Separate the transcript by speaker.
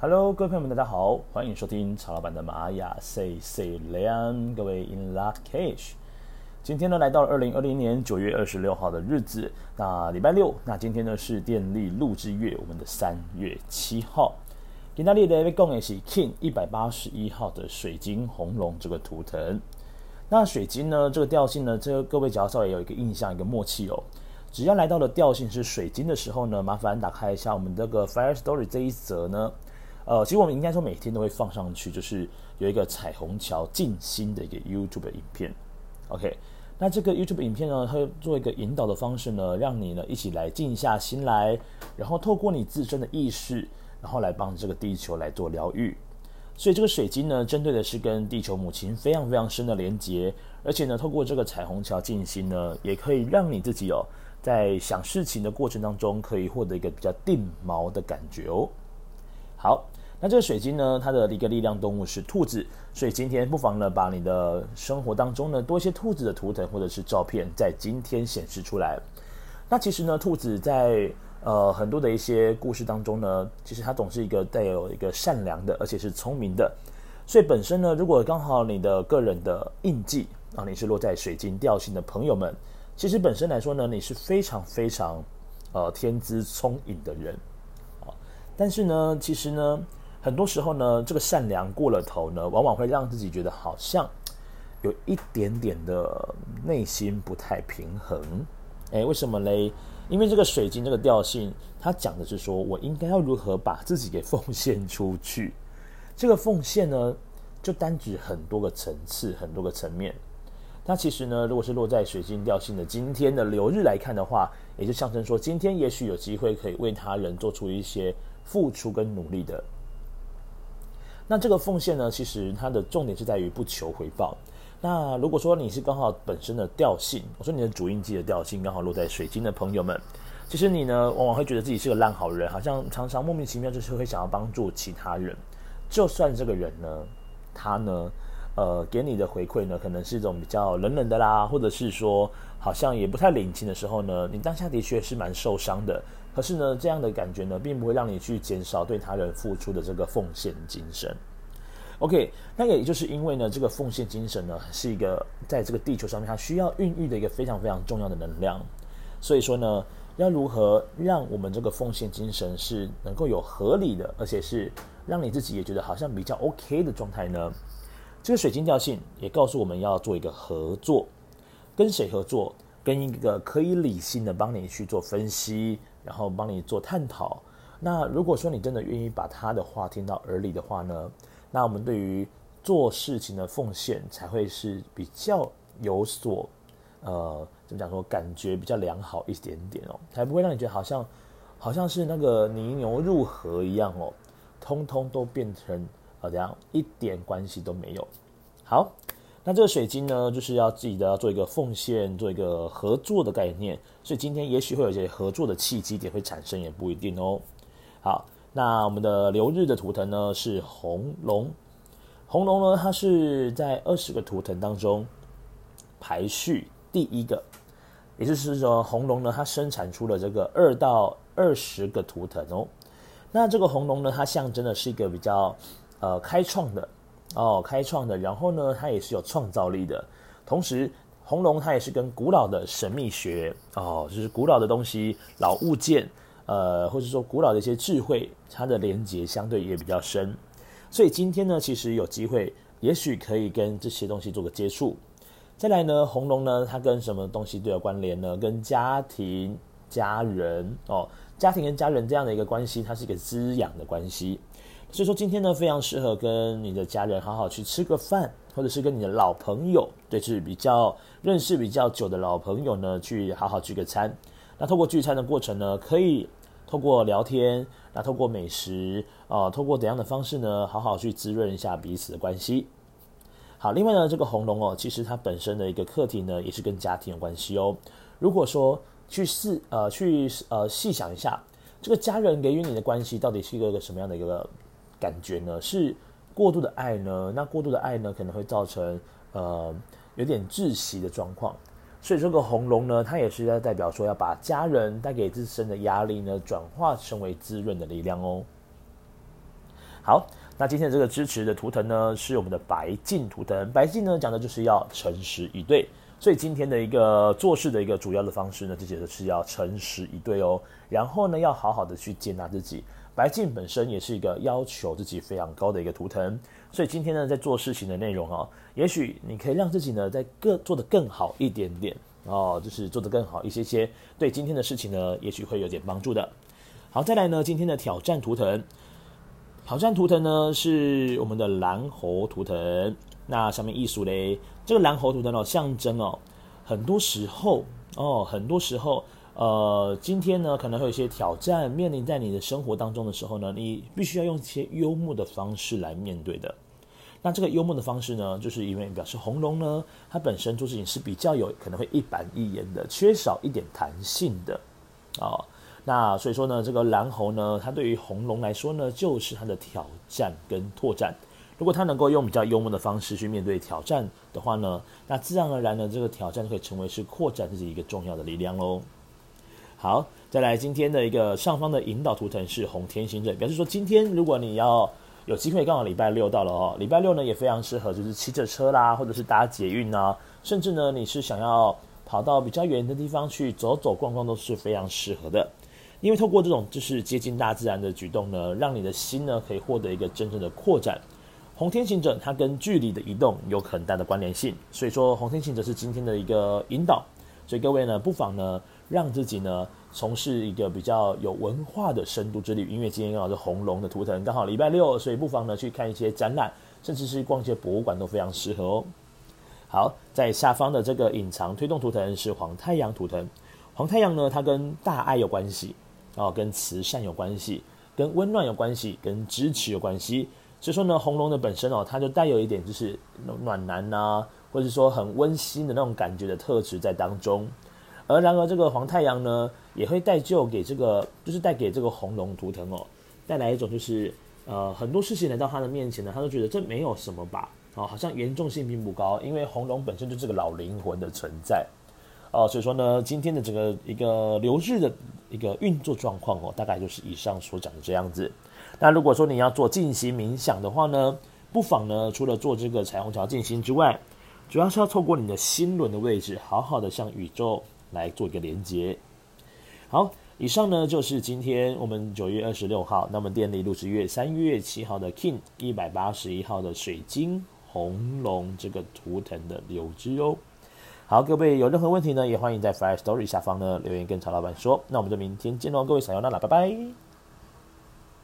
Speaker 1: Hello，各位朋友們，大家好，歡迎收聽曹老闆的瑪雅 C C 雷安，Say, Say, Lian, 各位 In lak'ech。今天呢，來到二零二零年九月二十六號的日子，那禮拜六，那今天呢是電力錄製月，我們的三月七號。今天呢要說的是 Kin 一百八十一號的水晶紅龍這個圖騰。那水晶呢，這個調性呢，這個、各位只要稍微有一個印象，一個默契哦。只要來到了調性是水晶的時候呢，麻煩打開一下我們這個 Firstory 這一則呢。呃，其實我們應該說每天都會放上去，就是有一個彩虹橋靜心的一個 YouTube 影片，OK。那這個 YouTube 影片呢，它會做一個引導的方式呢，讓你呢一起來靜下心來，然後透過你自身的意識，然後來幫這個地球來做療癒。所以這個水晶呢，針對的是跟地球母親非常非常深的連接，而且呢，透過這個彩虹橋靜心呢，也可以讓你自己哦，在想事情的過程當中，可以獲得一個比較定錨的感覺哦。好，那這個水晶呢，它的一個力量動物是兔子，所以今天不妨呢，把你的生活當中呢，多一些兔子的圖騰或者是照片，在今天顯示出來。那其實呢，兔子在呃很多的一些故事當中呢，其實它總是一個帶有一個善良的，而且是聰明的。所以本身呢，如果剛好你的個人的印記啊，你是落在水晶調性的朋友們，其實本身來說呢，你是非常非常呃天資聰穎的人。但是呢，其實呢，很多時候呢，這個善良過了頭呢，往往會讓自己覺得好像有一點點的內心不太平衡。誒、欸，為什麼嘞？因為這個水晶這個調性，它講的是說我應該要如何把自己給奉獻出去。這個奉獻呢，就單指很多個層次、很多個層面。它其實呢，如果是落在水晶調性的今天的流日來看的話，也就象徵說，今天也許有機會可以為他人做出一些。付出跟努力的，那這個奉獻呢，其實它的重點是在於不求回報。那如果說你是剛好本身的調性，我說你的主印記的調性剛好落在水晶的朋友們，其實你呢，往往會覺得自己是個爛好人，好像常常莫名其妙就是會想要幫助其他人，就算這個人呢，他呢，呃，給你的回饋呢，可能是一種比較冷冷的啦，或者是說好像也不太領情的時候呢，你當下的確是蠻受傷的。可是呢，這樣的感覺呢，並不會讓你去減少對他人付出的這個奉獻精神。OK，那也就是因為呢，這個奉獻精神呢，是一個在這個地球上面它需要孕育的一個非常非常重要的能量。所以說呢，要如何讓我們這個奉獻精神是能夠有合理的，而且是讓你自己也覺得好像比較 OK 的狀態呢？這個水晶調性也告訴我們要做一個合作，跟誰合作？跟一個可以理性的幫你去做分析，然後幫你做探討。那如果說你真的願意把他的話聽到耳裡的話呢，那我們對於做事情的奉獻才會是比較有所，呃，怎麼講說感覺比較良好一點點哦，才不會讓你覺得好像，好像是那個泥牛入河一樣哦，通通都變成，呃，好像一點關係都沒有。好。那這個水晶呢，就是要記得要做一個奉獻，做一個合作的概念，所以今天也許會有一些合作的契機也會產生，也不一定哦。好，那我們的流日的圖騰呢，是紅龍。紅龍呢，它是在二十個圖騰當中排序第一個，也就是說紅龍呢，它生產出了這個二到二十個圖騰哦。那這個紅龍呢，它象徵的是一個比較呃開創的。哦，開創的，然後呢，它也是有創造力的。同時，紅龍它也是跟古老的神秘學哦，就是古老的東西、老物件，呃，或者說古老的一些智慧，它的連結相對也比較深。所以今天呢，其實有機會，也許可以跟這些東西做個接觸。再來呢，紅龍呢，它跟什麼東西都有關聯呢？跟家庭、家人哦，家庭跟家人這樣的一個關係，它是一個滋養的關係。所以說今天呢，非常適合跟你的家人好好去吃個飯，或者是跟你的老朋友，對，是比較認識比較久的老朋友呢，去好好聚個餐。那透過聚餐的過程呢，可以透過聊天，那透過美食，呃，透過怎樣的方式呢，好好去滋潤一下彼此的關係。好，另外呢，這個紅龍哦，其實它本身的一個課題呢，也是跟家庭有關係哦。如果說去試，呃，去呃細想一下，這個家人給予你的關係到底是一個什麼樣的一個？感覺呢是過度的愛呢，那過度的愛呢可能會造成，呃，有點窒息的狀況，所以這個紅龍呢，它也是要代表說要把家人帶給自身的壓力呢，轉化成為滋潤的力量哦。好，那今天的這個支持的圖騰呢是我們的白鏡圖騰，白鏡呢講的就是要誠實以對，所以今天的一個做事的一個主要的方式呢，這些都是要誠實以對哦，然後呢要好好的去接納自己。白鏡本身也是一個要求自己非常高的一個圖騰，所以今天呢，在做事情的內容哦，也許你可以讓自己呢，在更做得更好一點點哦，就是做得更好一些些，對今天的事情呢，也許會有點幫助的。好，再來呢，今天的挑戰圖騰，挑戰圖騰呢是我們的藍猴圖騰，那上面藝術嘞，這個藍猴圖騰哦，象徵哦，很多時候哦，很多時候。哦呃，今天呢可能會有一些挑戰面臨在你的生活當中的時候呢，你必須要用一些幽默的方式來面對的。那這個幽默的方式呢，就是因為表示紅龍呢，它本身做事情是比較有可能會一板一眼的，缺少一點彈性的啊、哦。那所以說呢，這個藍猴呢，它對於紅龍來說呢，就是它的挑戰跟拓展。如果它能夠用比較幽默的方式去面對挑戰的話呢，那自然而然呢，這個挑戰就可以成為是擴展自己一個重要的力量嘍。好，再來今天的一個上方的引導圖騰是紅天行者，表示說今天如果你要有機會，剛好禮拜六到了喔，禮拜六呢也非常適合，就是騎着車啦，或者是搭捷運啊，甚至呢你是想要跑到比較遠的地方去走走逛逛都是非常適合的，因為透過這種就是接近大自然的舉動呢，讓你的心呢可以獲得一個真正的擴展。紅天行者它跟距離的移動有很大的關聯性，所以說紅天行者是今天的一個引導，所以各位呢不妨呢，讓自己呢從事一個比較有文化的深度之旅，因為今天剛好是紅龍的圖騰，剛好禮拜六，所以不妨呢去看一些展覽，甚至是逛一些博物館都非常適合哦。好，在下方的這個隱藏推動圖騰是黃太陽圖騰，黃太陽呢，它跟大愛有關係，哦，跟慈善有關係，跟溫暖有關係，跟支持有關係。所以說呢，紅龍的本身哦，它就帶有一點就是暖男啊，或者說很溫馨的那種感覺的特質在當中。而然而，這個黃太陽呢，也會帶就給這個，就是帶給這個紅龍圖騰哦、喔，帶來一種就是，呃，很多事情來到他的面前呢，他都覺得這沒有什麼吧，哦、喔，好像嚴重性並不高，因為紅龍本身就是這個老靈魂的存在，哦、喔，所以說呢，今天的整個一個流日的一個運作狀況哦，大概就是以上所講的這樣子。那如果說你要做靜心冥想的話呢，不妨呢，除了做這個彩虹橋靜心之外，主要是要透過你的心輪的位置，好好的向宇宙，來做一個連接，好，以上呢就是今天我們九月二十六號，那麼電力路十月三月七號的 kin 一百八十一號的水晶紅龍這個圖騰的流日哦。好，各位有任何問題呢，也歡迎在 Firstory 下方呢留言跟曹老闆說。那我們就明天見嘍，各位小耀娜娜，拜拜。